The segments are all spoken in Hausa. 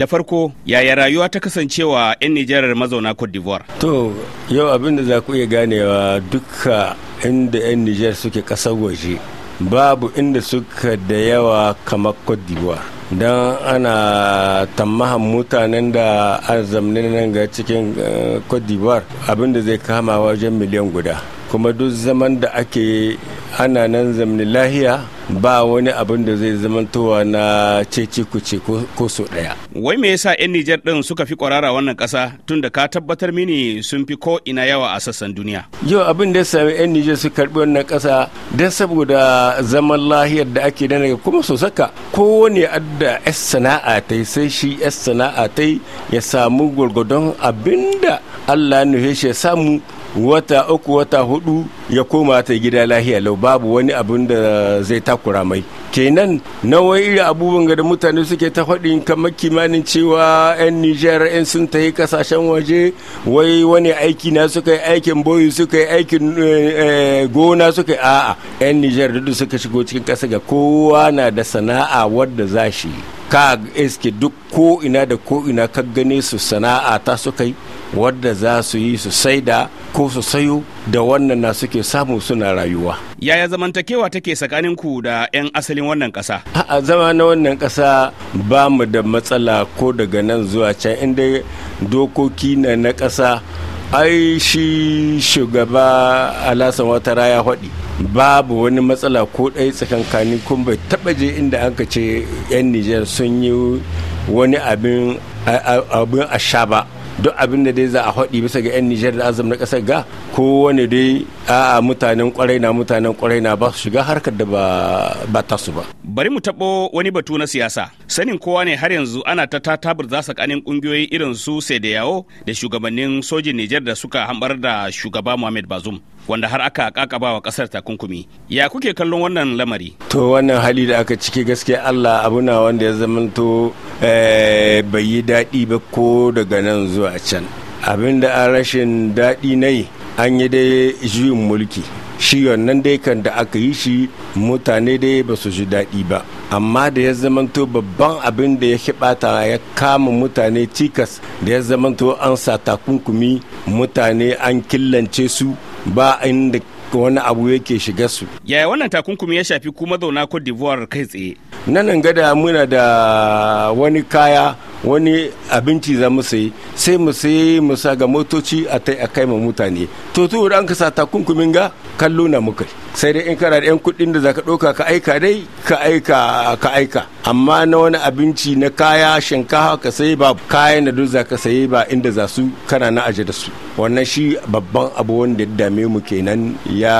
da farko yaya rayuwa ta kasancewa 'yan nijar mazauna cote d'ivoire to yau abin da za ku iya ganewa duka inda 'yan nijar suke kasar waje babu inda suka da yawa kamar cote d'ivoire don ana tammahan mutanen da a nan ga cikin eh, cote d'ivoire abin da zai kama wajen miliyan guda kuma duk zaman da ake ana nan zamanin lahiya ba wani abin da zai zama zamantowa na ceci kuce ko so daya. Wai me yasa 'yan Nijar ɗin suka fi kwarara wannan ƙasa tun da ka tabbatar mini sun fi ko ina yawa a sassan duniya. Yau abin da ya sami 'yan Nijar su karɓi wannan ƙasa don saboda zaman lahiyar da ake dana kuma so saka kowane adda 'yan sana'a ta yi sai shi 'yan sana'a ta ya samu gwargwadon abinda Allah ya nuhe shi ya samu wata uku wata hudu ya koma ta gida lahiya lau babu wani abin da zai takura mai kenan nawa iri abubuwan da mutane suke ta faɗin kamar kimanin cewa 'yan nijar 'yan sun ta yi kasashen waje wai wani aiki na suka yi aikin boyi suka yi aikin eh, eh, gona suka yi a'a 'yan nijar duk suka shigo cikin ƙasa ga kowa na da sana'a wadda za shi ka eske duk ko ina da ko ina ka gane su sana'a ta su kai wadda za su yi su saida ko su sayo da wannan na suke samu suna rayuwa. Yaya zamantakewa take tsakanin ku da 'yan asalin wannan ƙasa? A zama na wannan ƙasa ba mu da matsala ko daga nan zuwa can inda dokoki na na ƙasa ai shi shugaba alasan wata raya faɗi. babu wani matsala ko ɗaya tsakankani kuma bai taɓa je inda an ka ce 'yan nijar sun yi wani abin a sha ba duk abin da dai za a haɗi bisa ga 'yan nijar da azam na ƙasar ga ko wani dai a'a mutanen kwarai na mutanen kwarai na ba su shiga harkar da ba ta su ba bari mu taɓo wani batu na siyasa sanin kowa ne har yanzu ana ta tatabar za tsakanin kungiyoyi irin su sai da yawo da shugabannin sojin Nijar da suka hambar da shugaba Muhammad bazum wanda har aka kakaba wa kasar takunkumi ya kuke kallon wannan lamari to wannan hali da aka ciki gaskiya allah abu na wanda ya zamanto eh, bai yi daɗi ba ko daga nan zuwa can abin da rashin daɗi na an yi dai juyin mulki shi wannan dai kan da aka yi shi mutane dai ba su ji daɗi ba amma da ya zamanto babban abin da ya bata ya kama mutane cikas da ya zamanto an sa takunkumi mutane an killance su ba inda wani abu yake shiga su yaya wannan takunkumi ya shafi kuma zauna cote d'ivoire kai tsaye nan gada muna da wani kaya wani abinci za mu sayi sai mu sayi mu sa ga motoci a tai a kai ma mutane to to an ka sa takunkumin ga kallo na muka sai dai in kana da yan kuɗin da zaka ɗauka ka aika dai ka aika ka aika amma na wani abinci na kaya shinkafa ka sayi ba kayan da duk zaka sayi ba inda za su kana na aje da su wannan shi babban abu wanda ya dame mu kenan ya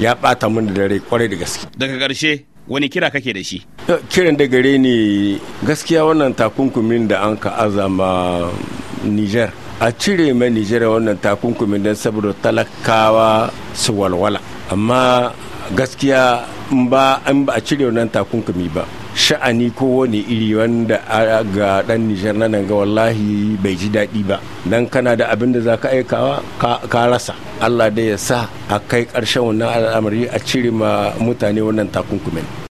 ya bata mun da dare kwarai da gaske daga karshe wani kira kake da shi kiran da gare ne gaskiya wannan takunkumin da an ka azama niger a cire mai niger wannan takunkumin don saboda talakawa su walwala amma gaskiya ba a cire wannan takunkumi ba sha'ani ko wani iri wanda ga dan nijar nan ga wallahi bai ji daɗi ba dan kana da abin da za ka aikawa ka rasa allah da ya sa a kai karshen wannan al'amari a cire ma mutane wannan takunkumin